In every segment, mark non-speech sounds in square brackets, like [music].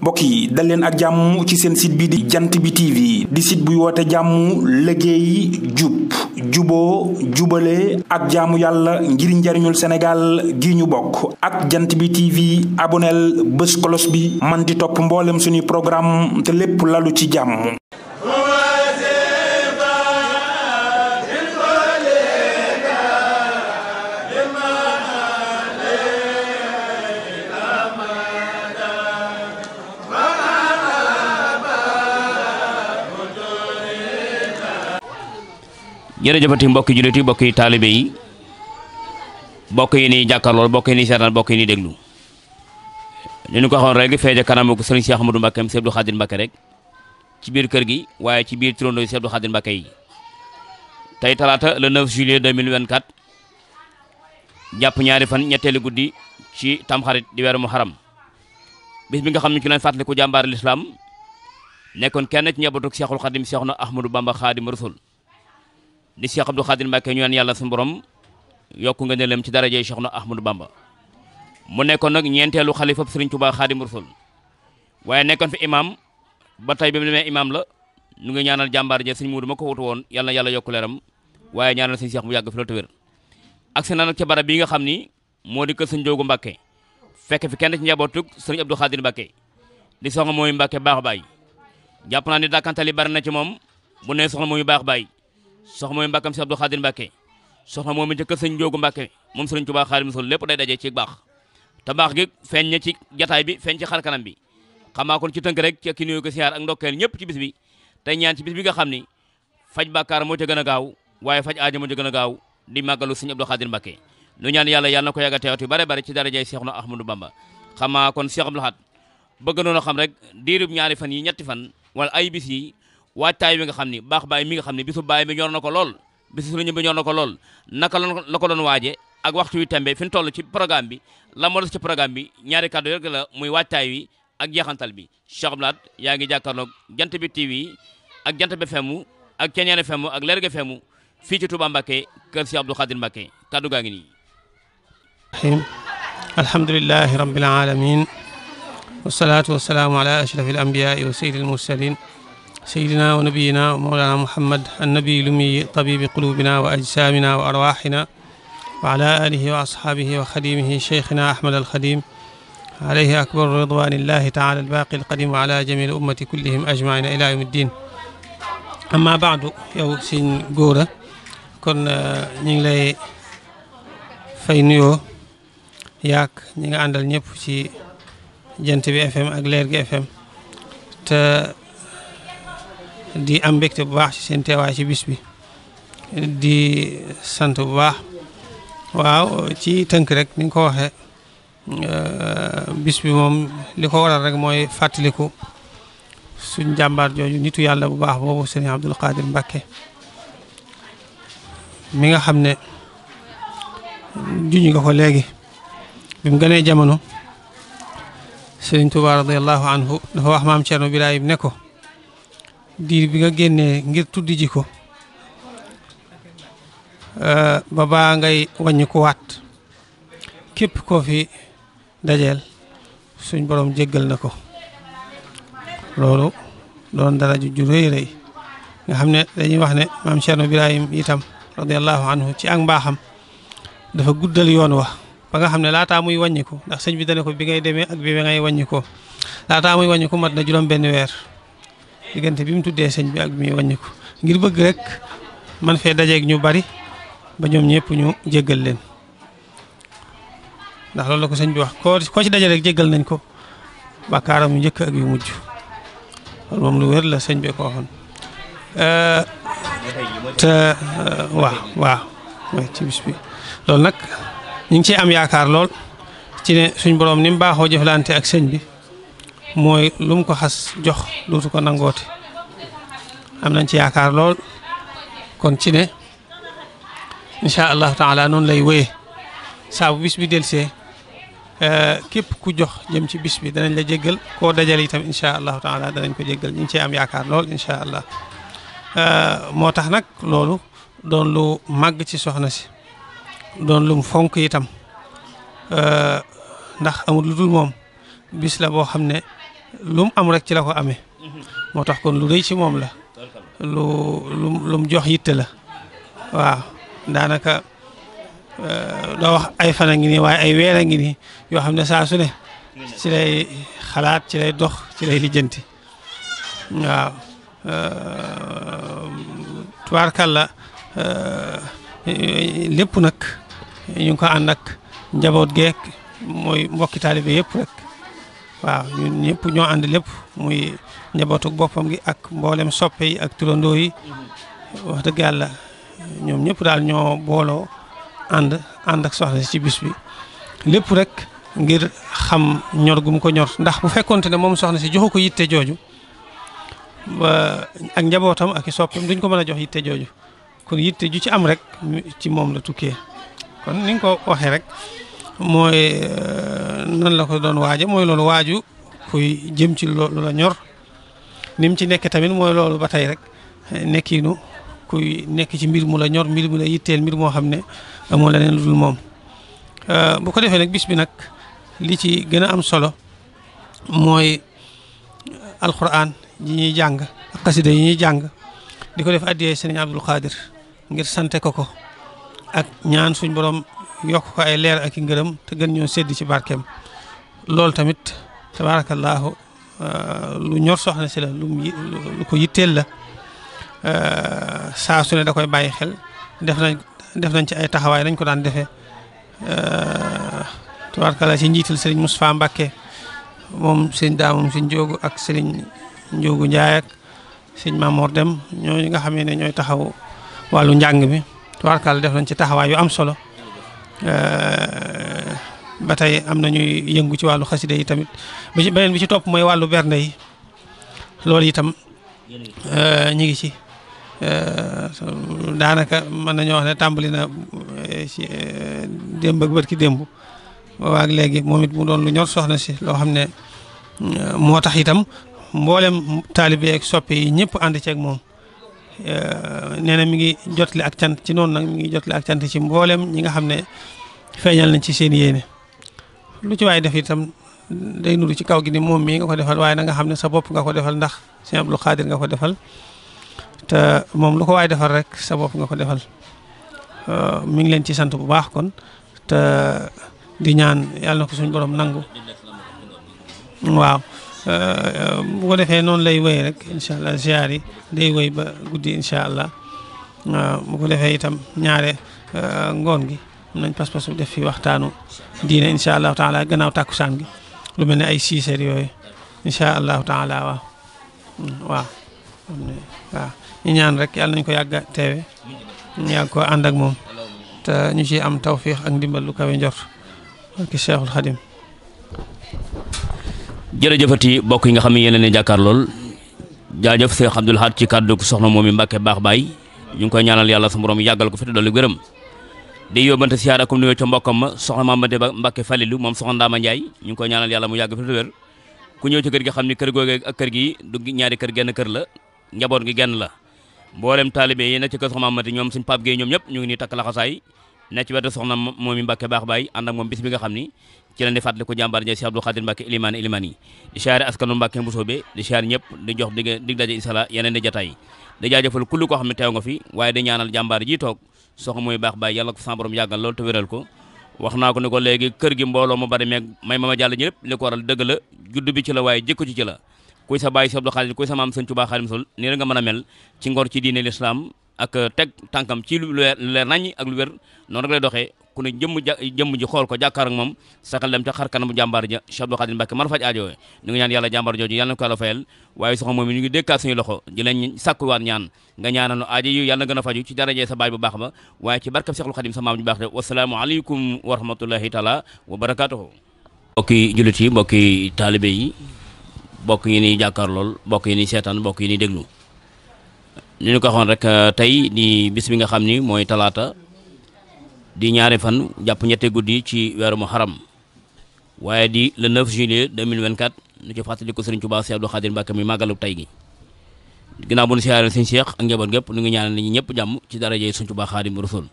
mbokk yi dal leen ak jàmm ci seen site bi di jant bi TV di site buy woote jàmm liggéey jub juboo jubale ak jaamu yàlla ngir njariñul Sénégal gi ñu bokk ak jant bi TV aboneel bés kolos bi man di topp mboolem suñuy programme te lépp lalu ci jàmm jërëjëfati mbokki jullit yi mbokki taalibe yi mbokk yi nii ini mbokk yi ni seetaan mbokk yi ni deglu ni ñu ko xon rek feeje kanamu ko Cheikh Ahmadou mbakem Seydou Khadim mbake rek ci biir kër gi waaye ci biir trondo Seydou Khadim mbake yi tay talata le 9 juillet 2024 japp ñaari fan ñetteelu guddii ci xarit di wéru muharram bis bi nga xamni ci lañu fatali ko jambar l'islam nekkon kenn ci ñabatu Cheikhul Khadim cheikhna Ahmadou Bamba Khadim Rasoul di Cheikh Abdou Khadir Mbacke ñu naan yàlla suñu borom yokku nga nelem ci darajey Cheikh na Ahmadou Bamba mu nekkoon nag ñeenteelu xalifab Serigne Touba Khadim Rasoul waaye nekkoon fi imam ba tey bi mu demee imam la nu ngi ñaanal jàmbaar ja Serigne Moudou ma ko wutu woon yàlla na yàlla yokku leeram waaye ñaanal Serigne Cheikh mu yàgg fi la tawér ak si na nag ca barab bi nga xam ni moo di kër Serigne Joogu Mbacke fekk fi kenn ci njabootug Serigne Abdou Khadir Mbacke di mooy Mbacke baax baay jàpp soxna mooy mbàkkam si Abdou Khadir Mbàkke soxna moom ca kër sëñ Njoogu Mbàkke moom sëriñ Tuubaa Xaadimu Rasuul lépp day dajee ci baax te baax gi feeñ na ci jataay bi feeñ ci xar kanam bi xamaa kon ci tënk xam ni faj bàkkaar moo ca gën a a nu ñaan yàlla yàlla na ko yàgg a teewati bare bare ci darajay Seexuna Ahmadou Bamba xamaa kon Seex Abdou Lahad bëgg noon a xam rek diirub ñaari fan yi ñetti fan wala ay waajtaay bi nga xam ni baax baay mi nga xam ni bisu baay bi ñor na ko lool bisu sëriñ bi ñor na ko lool naka la ko doon waaje ak waxtu wi tembe fi ñu toll ci programme bi la moo des ci programme bi ñaari kàddu rek la muy waajtaay wi ak jeexantal bi Cheikh Abdoul Ahad yaa ngi jàkkaarloog jant bi TV ak jant bi FM ak Ceñeen FM ak Lerga FM fii ci Touba Mbacké kër Cheikh Abdou Khadir Mbacké kàddu gaa ngi nii alhamdulillahi rabbil alamin wassalatu wassalamu ala ashrafil anbiya'i wa sayyidil mursalin سيدنا ونبينا ومولانا محمد النبي الأمي طبيب قلوبنا وأجسامنا وأرواحنا وعلى آله وأصحابه وخديمه شيخنا أحمد الخديم عليه أكبر رضوان الله تعالى الباقي القديم وعلى جميع الأمة كلهم أجمعين إلى يوم الدين أما بعد يو سين Gora كن ñu آه، فينيو ياك fay عند yaak ñi nga àndal ñëpp ci Jant di am mbégte bu baax ci seen teewaay ci bis bi di sant bu baax waaw ci tënk rek ni nga ko waxee euh, bis bi moom li ko waral rek mooy fàttaliku suñ jàmbaar jooju nitu yàlla bu baax boobu sëriñ Abdul Qadir Mbàkke mi nga xam ne juñu nga ko léegi bi mu gënee jamono sëriñ Tuubaa radiyallahu anhu dafa wax maam Cerno Birahim ne ko diir bi nga génnee ngir tuddi ji ko euh, ba baa ngay wàññi képp koo fi dajeel suñ borom jéggal na ko loolu doon dara ju rëy rëy nga xam ne dañuy wax ne maam Cerno Birahim itam radiallahu anhu ci ak mbaaxam dafa guddal yoon wa ba nga xam ne laataa muy wàññi ko ndax sëñ bi dane ko bi ngay demee ak bi ngay wàññi ko laataa muy wàññi mat na juróom benn weer diggante bi mu tuddee sëñ bi ak bi muy wàññiku ngir bëgg rek man fee dajeeg ñu bari ba ñoom ñëpp ñu jéggal leen ndax loolu la ko sëñ bi wax ko koo ci daje rek jéggal nañ ko ba bàkkaaram yu njëkk ak yu mujj loolu moom lu wér la sëñ bi ko waxoon euh, te euh, waaw waaw mooy ci bis bi loolu nag ñu ngi ciy am yaakaar lool ci ne suñ boroom ni mu baaxoo jëflante ak sëñ bi mooy lu mu ko xas jox dootu ko nangoote am nañ ci yaakaar lool kon ci ne incha allahu taala noonu lay wéyee saa bu bis bi delsee eh, képp ku jox jëm ci bis bi danañ la jéggal koo dajal itam incha allahu taala danañ ko jéggal ñu ngi am yaakaar lool incha allah eh, moo tax nag loolu doon lu màgg ci soxna si doon lum fonk itam eh, ndax amul lu dul moom bis la boo xam ne lum am rek ci la ko amé motax kon lu rëy ci mom la lu lum lum jox yitte la waaw euh doo wax ay fana ngi ni way ay wéra ngi ni yo xamné sa saa su ne ci lay xalaat ci lay dox ci lay lijjanti waaw euh lépp nak ñu ko ànd ak njaboot geek moy mbokk talibé yëpp rek waaw ñun ñëpp ñoo ànd lépp muy njabootu boppam gi ak mboolem soppe yi ak turandoo yi wax dëgg yàlla ñoom ñëpp daal ñoo booloo ànd ànd ak soxna si ci bis bi lépp rek ngir xam ñor gum ko ñor ndax bu fekkonte ne moom soxna si joxu ko yitte jooju ba ak njabootam ak i soppeem duñ ko mën a jox yitte jooju kon yitte ju ci am rek ci moom la tukkee kon ni ko waxee rek mooy euh, nan la ko doon waaje mooy loolu waaju kuy jëm ci loolu la ñor ni mu ci nekk tamit mooy loolu ba tey rek nekkiinu kuy nekk ci mbir mu la ñor mbir mu la yitteel mbir moo xam ne amoo leneen lu dul moom euh, bu ko defee nag bis bi nag li ci gën a am solo mooy euh, alquran yi ñuy jàng xasida yi ñuy jàng di ko def addiyee sëriñ Abdul Qadir ngir sante ko ko ak ñaan suñ borom yokk ko ay leer ak i ngërëm te gën ñoo sédd ci barkeem loolu tamit tabaarakallaahu euh, lu ñor soxna si la lu ko yitteel la euh, saa su ne da koy bàyyi xel def nañ def nañ ci ay taxawaay nañ ko daan defee euh, tabaarakallaa ci njiital sëriñ Moustapha Mbacke moom sëñ daa moom sëñ ak sëriñ Njóogu Njaay ak sëñ Mamoor Dem ñooñu nga xam ne ñooy taxaw wàllu njàng mi tabaarakallaa def nañ ci taxawaay yu am solo Euh, ba tey am na ñuy yëngu ci wàllu xaside yi tamit bi ci beneen bi ci topp mooy wàllu bernde yi loolu itam euh, ñu ngi ci euh, daanaka mën nañoo wax ne tàmbali na ci démb ak bët ki démb waaw léegi moom it mu doon lu ñor soxna si loo xam ne moo tax itam mboolem taalibe ak soppe yi ñëpp ànd ceeg moom. Euh, nee na mi ngi jotli ak cant ci noonu nag mi ngi jotli ak cant ci mboolem ñi nga xam ne feeñal nañ ci seen yéene lu ci waay def itam day nu ci kaw gi ni moom mii nga ko defal waaye na nga xam ne sa bopp nga ko defal ndax sëñ Abdou Khadir nga ko defal te moom lu ko waay defal rek sa bopp nga ko defal euh, mi ngi leen ci sant bu baax kon te di ñaan yàlla na ko suñu borom nangu waaw bu ko defee noonu lay wéy rek incha allah ziar yi day woy ba guddi incha allah bu ko defee itam ñaare euh, ngoon gi am nañ pas-pas bu def fi waxtaanu diine incha allahu taala gannaaw tàkkusaan gi lu mel ne ay siiseer yooyu incha allah taala waaw waaw waaw ñu ñaan rek yàlla nañ ko yàgg a teewe ñu yàgg ko ànd moom te ñu ci am tawfiix ak ndimbal lu kawe njort ki Cheikhul Xadim jërëjëfati bokk yi nga xam ne yéen a ne jàkkaar lool jaajëf Cheikh Abdoul Ahad ci kàddu gu soxna moom mi Mbàkke baax baay ñu ngi koy ñaanal yàlla su borom yàggal ko fi te dolli gërëm di yóbbante siyaara comme nuyoo ca mbokkam ma soxna Mamate Ba Mbàkke Falilu moom soxna Ndaama Njaay ñu ngi koy ñaanal yàlla mu yàgg fi te wér ku kër gi xam ni kër googe ak kër gi du ñaari kër genn kër la njaboot gi genn la mboolem taalibe yi nekk ci kër soxna Mamate ñoom suñ pap gee ñoom ñëpp ñu ngi ni takk laxasaay nekk ci wetu soxna moom i Mbàkke baax baay ànd ak moom bis bi nga xam ni ci lañ di fàttali ko jàmbaar ja Cheikh Abdou Khadir Mbàkke ilimaan ilimaan yi di siyaare askanu Mbàkke Mbusoobe di siyaare ñëpp di jox dig dig daje inshallah yeneen di jataay da jaajëfal kulli koo xam ne teew nga fi waaye da ñaanal jàmbaar ji toog soxna mooy baax baay yàlla ko sa borom yàggal loolu te wéral ko wax naa ko ni ko léegi kër gi mbooloo mu bari meeg may ma ma jàll ñëpp li ko waral la juddu bi ci la waaye la kuy sa bàyyi si Abdou Khadim kuy sa maam sëñ Tuubaa Xaadimu Rasuul nii la nga mën a mel ci ngor ci diine lislaam ak teg tànkam ci lu leer leer nañ ak lu wér noonu rek lay doxee ku ja jëmm ji xool ko jàkkaar ak moom saxal dem ca xar kanamu jàmbaar ja Cheikh Abdou Khadim Mbacké man faj aajowee ñu ngi ñaan yàlla jàmbaar jooju yàlla na ko yàlla fayal waaye soxna moom ñu ngi dékkaat suñu loxo di leen sàkkuwaat ñaan nga ñaanal aajo yu yàlla gën a faju ci darajee sa baay bu baax ba waaye ci barkab Cheikhul Khadim sa wa rahmatullahi taala wa barakatuhu mbokki jullit yi mbokki taalibe yi bokk yi ni jàkkaar lol bokk yi ni setan bokk yi ni deglu ni ñu ko xon rek euh, tay di bis bi nga xamni moy talata di ñaari fan japp ñette guddii ci weeru muharram waye di le 9 juillet 2024 ñu ci fatali ko Serigne Touba Cheikh Abdou Khadir Mbacké mi màggalu tay gi ginnaaw bu ñu siyaaree Serigne Cheikh ak ngeebal gep ñu ngi ñaanal ni ñepp jamm ci dara jey Serigne Touba Khadim Rasoul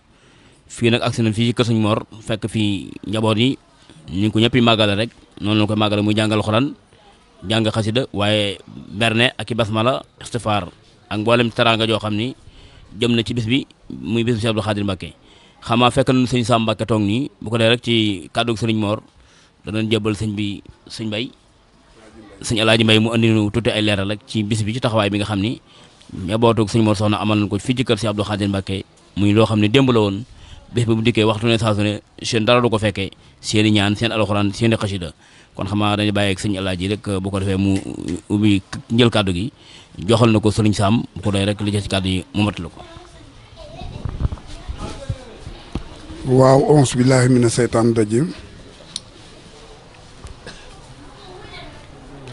fi nak ak nañ fi ci kër Serigne Mor fekk fi njaboot yi ñu ko ñepp magal rek non la ko magal muy jangal Alxuraan jàng khasida waye berne ak i basmala istighfar ak mboolem teranga jo xamni jëm na ci bis bi muy bisu Cheikh Abdou Khadir mbake xama fekk nañu sëñ Sam Mbacké tok ni bu ko dee rek ci cadeau sëriñ Mor danañ jébbal sëñ bi sëñ bay sëñ aladi Mbay mu andi nu tuti ay leral rek ci bis bi ci taxaway bi nga xam ni njabootug Mor soxna amal nañ ko fi ci keur Cheikh Abdou Khadir mbake muy lo xamni ne la bis bi bu dikke waxtu ne sa su ne dara du ko fekke seen ñaan seen alcorane seen khasida kon xama dañu baye ak seigne aladji rek bu ko defé mu ubi ñël cadeau gi joxal nako seigne Sam bu ko doy rek li ci cadeau yi mu matlu ko waaw ons billahi minas seytaan rajim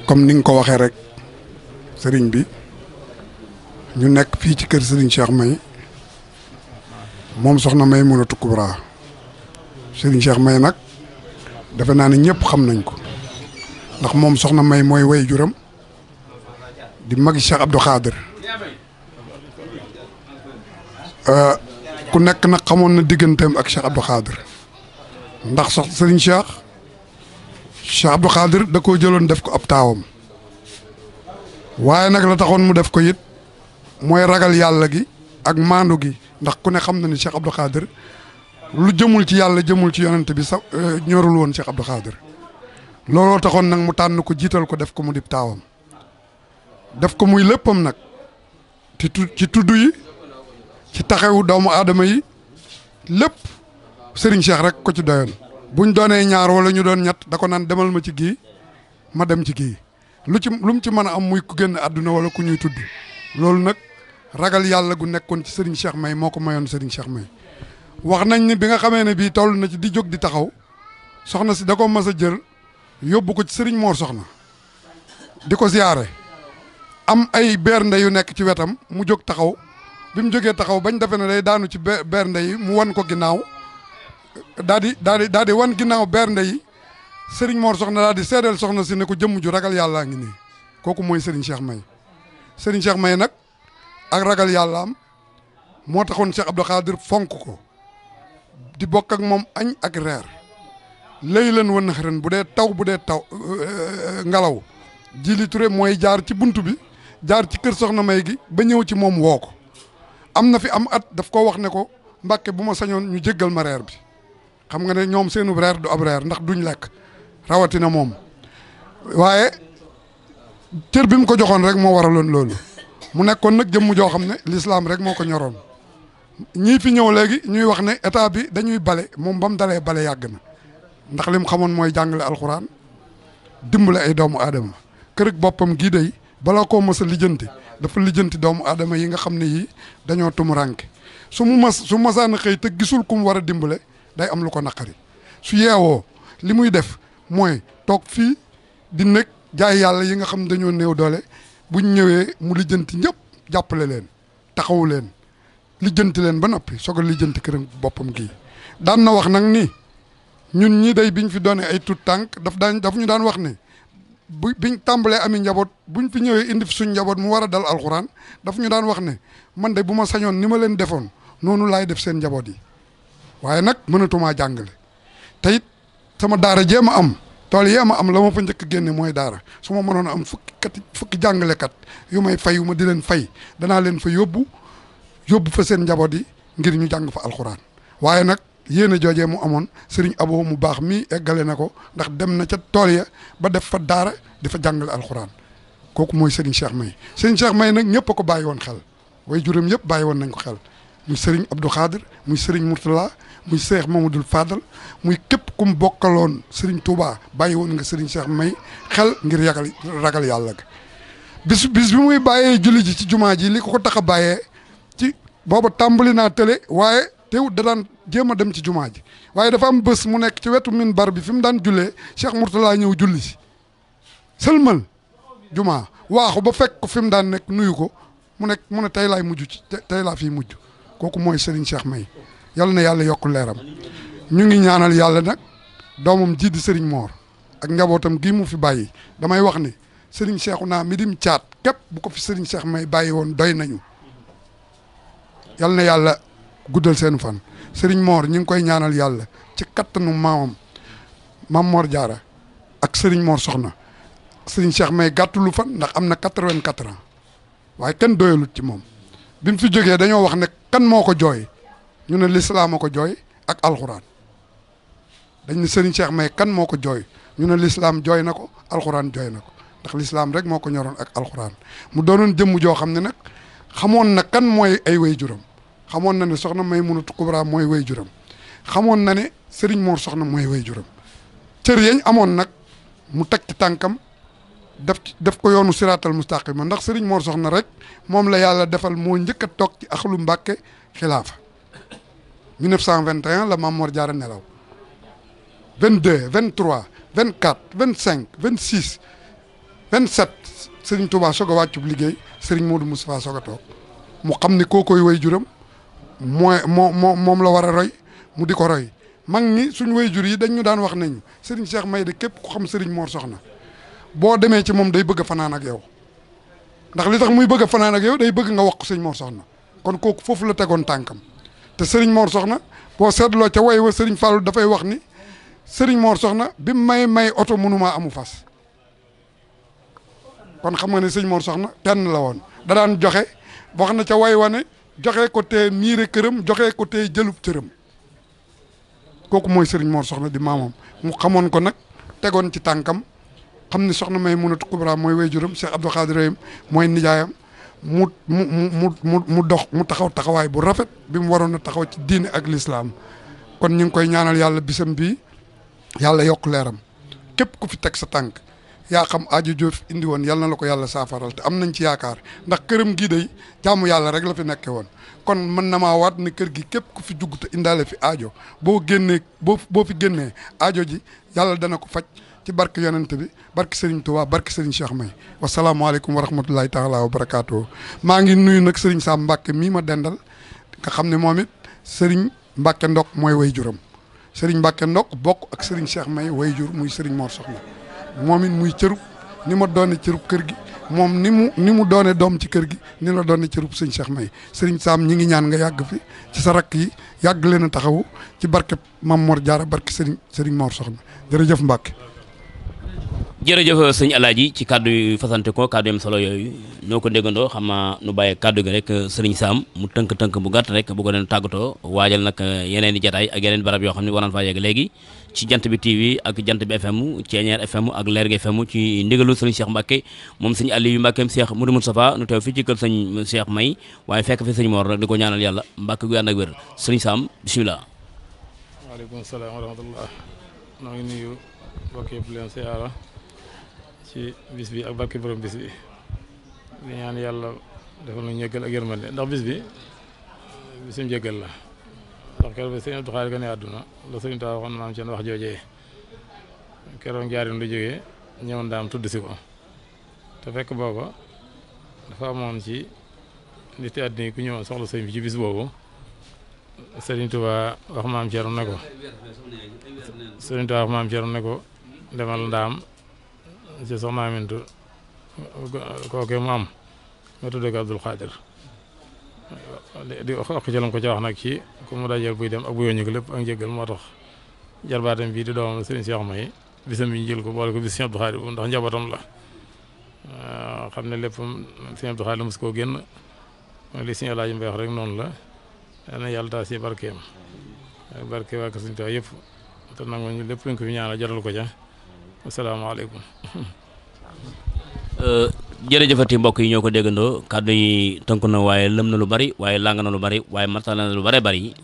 comme ni nga ko waxee rek seigne bi ñu nek fi ci kër seigne Cheikh May mom soxna May mu la tukubra seigne Cheikh May nak defe naa ne ñëpp xam nañ ko ndax moom soxna May mooy way juram di magi Cheikh Abdou Khadir euh, ku nekk nag xamoon na digganteem ak Cheikh Abdou ndax sax Serigne Cheikh Cheikh Abdou Khadir da koo jëloon def ko ab taawam waaye nag la taxoon mu def ko it mooy ragal yàlla gi ak maandu gi ndax ku ne xam na ni Cheikh Abdou lu jëmul ci yàlla jëmul ci yonent bi sax euh, ñorul woon Cheikh Abdou looloo taxoon nang mu tànn ko jiital ko def ko mu dip tawam def ko muy léppam nag ci ci tudd yi ci taxawu doomu aadama yi lépp Serigne Cheikh rek ko ci doyoon buñ doonee ñaar wala ñu doon ñett da ko naan demal ma ci gii ma dem ci gii lu ci lu ci mën am muy ku génn àdduna wala ku ñuy tudd loolu nag ragal yàlla gu nekkoon ci Serigne Cheikh May moo ko Serigne Cheikh May wax nañ ni bi nga xamee ne bii na ci di jóg di taxaw soxna si da ko jël yóbbu ko ci sëriñ moor Soxna di ko ziyaare am ay bernde yu nekk ci wetam mu jóg taxaw bi mu jógee taxaw bañ defee ne day daanu ci bernde yi mu wan ko ginnaaw daal di daal di daal di wan ginnaaw ndey yi Serigne Mor Soxna daal di seedeel soxna si ne ko jëmm ju ragal yàllaa ngi nii kooku mooy Serigne seex May Serigne Cheikh May nag ak ragal yàlla am moo taxoon Cheikh Abdou Khadir fonk ko di bokk ak moom añ ak reer. lay leen wan nax ren bu dee taw bu dee taw euh, euh, euh, ngelaw Djily Touré mooy jaar ci bunt bi jaar ci kër soxna may gi ba ñëw ci moom woo ko am na fi am at daf ko wax ne ko mbàkke bu ma sañoon ñu jéggal ma reer bi xam nga ne ñoom seenu reer du ab reer ndax duñ lekk rawatina moom waaye cër bi mu ko joxoon rek moo waraloon loolu mu nekkoon nag jëmm joo xam ne lislaam rek moo ko ñoroon ñii fi ñëw léegi ñuy wax ne état bi dañuy bale moom ba mu dalee bale yàgg na ndax lim xamone moy jangale alquran dimbale ay doomu adama kër ak boppam gii day balaa koo lijeenti a dafa lijeenti doomu adama yi nga xam yi dañoo dañoo tumuranke su mu mas su masaana xey te gisul kum wara dimbalé day am lu ko su yeewoo limuy def moy tok fi di nek jaay yalla yi nga xam dañoo new doole bu ñëwee mu lijeenti ñep jappalé len taxawu len lijjanti len ba nopi soog lijeenti lijjanti këram boppam gi dan na wax nak ni ñun ñii day biñ fi doone ay tut tànk daf daan daf ñu daan wax ne bu biñ tàmbalee ami njaboot bu ñu fi ñëwee indi fi suñ njaboot mu war a dal alxuraan daf ñu daan wax ne man de bu ma sañoon ni ma leen defoon noonu laay def seen njaboot yi waaye nag mënatumaa jàngale te it sama daara jee ma am tool yee ma am la ma fa njëkk génne mooy daara su ma mënoon am fukki kat fukki jàngalekat yu may fay yu ma di leen fay danaa leen fa yóbbu yóbbu fa seen njaboot yi ngir ñu jàng fa alxuraan waaye nag yéene joojee mu amoon sëriñ Abo mu baax mii eggale na ko ndax dem na ca tool ya ba def fa daara di fa jàngale alxuraan kooku mooy sëriñ Cheikh May sëriñ Cheikh May nag ñëpp a ko bàyyi woon xel way juróom yëpp bàyyi woon nañ ko xel muy sëriñ Abdou Khadir muy sëriñ Mourtala muy Cheikh Mamadou Fadal muy képp kum bokkaloon sëriñ Touba bàyyi woon nga sëriñ Cheikh May xel ngir yagal ragal yàlla ga bis bis bi muy bàyyee julli ji ci jumaa ji li ko ko tax a bàyyee ci booba tàmbali naa tële waaye teewut da daan jéem a dem ci jumaa ji waaye dafa am bés mu nekk ci wetu minbar bi fi mu daan jullee Cheikh Mourtala ñëw julli si sëlmal jumaa waaxu ba fekk ko fi mu daan nekk nuyu ko mu nekk mu ne tey laay mujj ci tey laa fiy mujj kooku mooy Serigne Cheikh May yal na yàlla yokk leeram ñu ngi ñaanal yàlla nag doomam ji di sëriñ moor ak njabootam gii mu fi bàyyi damay wax ni Serigne Cheikhouna mi dim caat képp bu ko fi sëriñ seex May bàyyi woon doy nañu yal na guddal seen fan Serigne Mor ñu ngi koy ñaanal yàlla ci kattanu maamam maam Mor Diarra ak Serigne Mor Soxna sëriñ Cheikh may gàttulu fan ndax am na quatre-vingt-quatre waaye kenn doyalut ci moom bi mu fi jógee dañoo wax ne kan moo ko jooy ñu ne lislaam a ko jooy ak alxuraan dañ ne Cheikh may kan moo ko jooy ñu ne lislaam jooy na ko alxuraan jooy na ko ndax lislaam rek moo ko ñoroon ak alxuraan mu doonoon jëmm joo xam ne nag xamoon na kan mooy ay way juram xamoon na ne soxna Maymunatu Kubra mooy way juram xamoon na ne Serigne Mor soxna mooy way juram cër yañ amoon nag mu teg ci tànkam def def ko yoonu siraatal mustaqima ndax Serigne Mor soxna rek moom la yàlla defal moo njëkk a toog ci axlu Mbàkke xilaafa 1921 la Maam Mor Jaara nelaw vingt vingt 22 cinq 24 25 26 27 Serigne Touba soog a wàccub liggéey Serigne Modou Moustapha soog a toog mu xam ni koo koy way juram mooy moo moom la war a roy mu di ko roy mag ñi suñ jur yi dañ ñu daan wax nañu Serigne Cheikh Maïda képp ku xam Serigne Mor Soxna boo demee ci moom day bëgg a fanaan ak yow ndax li tax muy bëgg a fanaan ak yow day bëgg nga wax ko Serigne Mor Soxna kon kooku foofu la tegoon tànkam te Serigne Mor Soxna boo seetloo ca way wa Serigne Fallou dafay wax ni Serigne Mor Soxna bi may may oto mënumaa amu fas kon xam nga ne Serigne Mor Soxna kenn la woon da daan joxe wax na ca way wa ne joxe ko tee miire këram joxe ko tee jëlub cëram kooku mooy Serigne Mor soxna di maamam mu xamoon ko nag tegoon ci tànkam xam ni soxna may munatu kubra mooy wayjuram Cheikh Abdou Khadir mooy nijaayam mu mu mu mu mu dox mu taxaw taxawaay bu rafet bi mu waroon na taxaw ci diine ak lislaam kon ñu ngi koy ñaanal yàlla bisam bi yàlla yokk leeram képp ku fi teg sa tànk yaa xam ajo joof indi woon yal na la ko yàlla saafaral te am nañ ci yaakaar ndax këram gii day jaamu yàlla rek la fi nekke woon kon mën na maa wat ne kër gi képp ku fi jugg te indaale fi ajo boo génnee boo boo fi génnee ajo ji yàlla dana ko faj ci barke yonent bi barke Serigne Touba barke Serigne Cheikh May wasalaamaaleykum wa rahmatulahi taala wa barakaatu maa ngi nuyu nag Serigne Sam mbakke mii ma dendal nga xam ne moom it Serigne Mbacke Ndok mooy way juram Serigne Mbacke Ndok bokk ak Serigne Cheikh May way jur muy Serigne Mor Soxna moom it muy cërub ni ma doone cërub kër gi moom ni mu ni mu doone doom ci kër gi ni la doone cërub sëñ Cheikh May sëriñ Saam ñi ngi ñaan nga yàgg fi ci sa rakk yi yàgg leen a taxawu ci barke Mam Mor Jaara barke sëriñ sëriñ Mor Soxna jërëjëf Mbàkke jërëjëf sëñ Alaaji ci kàddu yu fasante ko kàddu solo yooyu ñoo ko déggandoo xam naa nu bàyyee kàddu gi rek sëriñ Saam mu tënk-tënk mu gàtt rek bu ko den tàggatoo waajal nag uh, yeneen i jataay ak yeneen barab yoo xam ne war naan faa yegg léegi ci jant bi TV ak jant bi FM Thiéniere FM ak Lergui FM ci ndigalu sëñ Cheikh Mbacke moom sëñ Aliou Mbackeem Cheikh Moudou Moustapha nu teew fii ci kër sëñ Cheikh May waaye fekk fi sëñ Mor rek di ko ñaanal yàlla Mbacke gu ànd ak wér sëñ Sam bisimilah. waaleykum salaam wa rahmatullah maa ngi nuyu mbokk yëpp leen siyaara ak barke borom bis bi ñaan yàlla defal ñu njëggal ak yërmande ndax bis bi bisum njëggal la. keroog bi sëñ Abdou Khadre gane àdduna la sëñ Tuubaa waxoon maam seen wax joojee keroog njaarim lu jógee ñëw ndaam tudd si ko te fekk booba dafa amoon ci nit àddina yi ku ñëwoon soxla sëñ bi ci bis boobu sëriñ Tuubaa wax maam Cerno ne ko sëriñ Tuubaa wax maam Cerno ne ko demal ndaam ci soxna Amintu kooke mu am nga tudd ko Abdul Xaadir di wax ko ca wax nag ci ku mu dajal buy dem ak bu yoo ñëg lépp ak njëggal moo tax jarbaatam bii di doomam sëriñ Cheikh May bisam jël ko boole ko bis Sëriñ Abdou Khadre bu ndax la xam ne lépp Sëriñ Abdou Khadre la mos koo génn li Sëriñ Alaaji Mbay rek noonu la dana yàlla taas ci barkeem ak barke waa Sëriñ Tuubaa yëpp te nangu ñu lépp luñ ko fi ñaanal jaral ko ca asalaamaaleykum [laughs] euh, jërëjëfati mbokk yi ñoo ko déggandoo kàddu yi tënk na waaye lëm na lu bari waaye lang na lu bari waaye matal na lu bare bari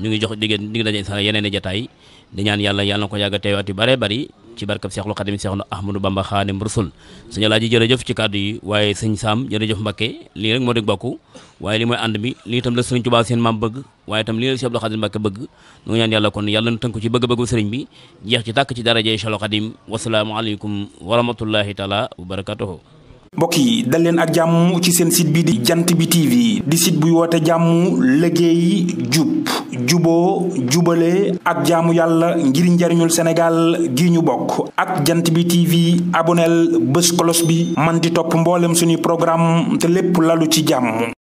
ñu ngi jox diggéen di ngi daje sa yeneen i jataay di ñaan yàlla yàlla na ko yàgg a teewaat yu bare bari ci barkab Seexul Xadim Seexuna Ahmadou Bamba Xaadim Rasul suñu laaji jërëjëf ci kàddu yi waaye sëñ Saam jërëjëf Mbakke lii rek moo di bokk waaye li mooy ànd bi lii itam la sëriñ Tuubaa seen maam bëgg waaye itam lii la Seexul Xadim Mbakke bëgg nu ngi ñaan yàlla kon yàlla na tënk ci bëgg-bëggu sëriñ bi jeex ci tàkk ci daraje Seexul Xadim wasalaamu aleykum wa rahmatullahi taala wa barakatuhu mbokk yi dal leen ak jàmm ci seen site bi di jant bi TV di site buy woote jàmm liggéey jub juboo jubale ak jaamu yàlla ngir njariñul Sénégal gi ñu bokk ak jant bi TV aboneel bés kolos bi man di topp mboolem suñuy programme te lépp lalu ci jàmm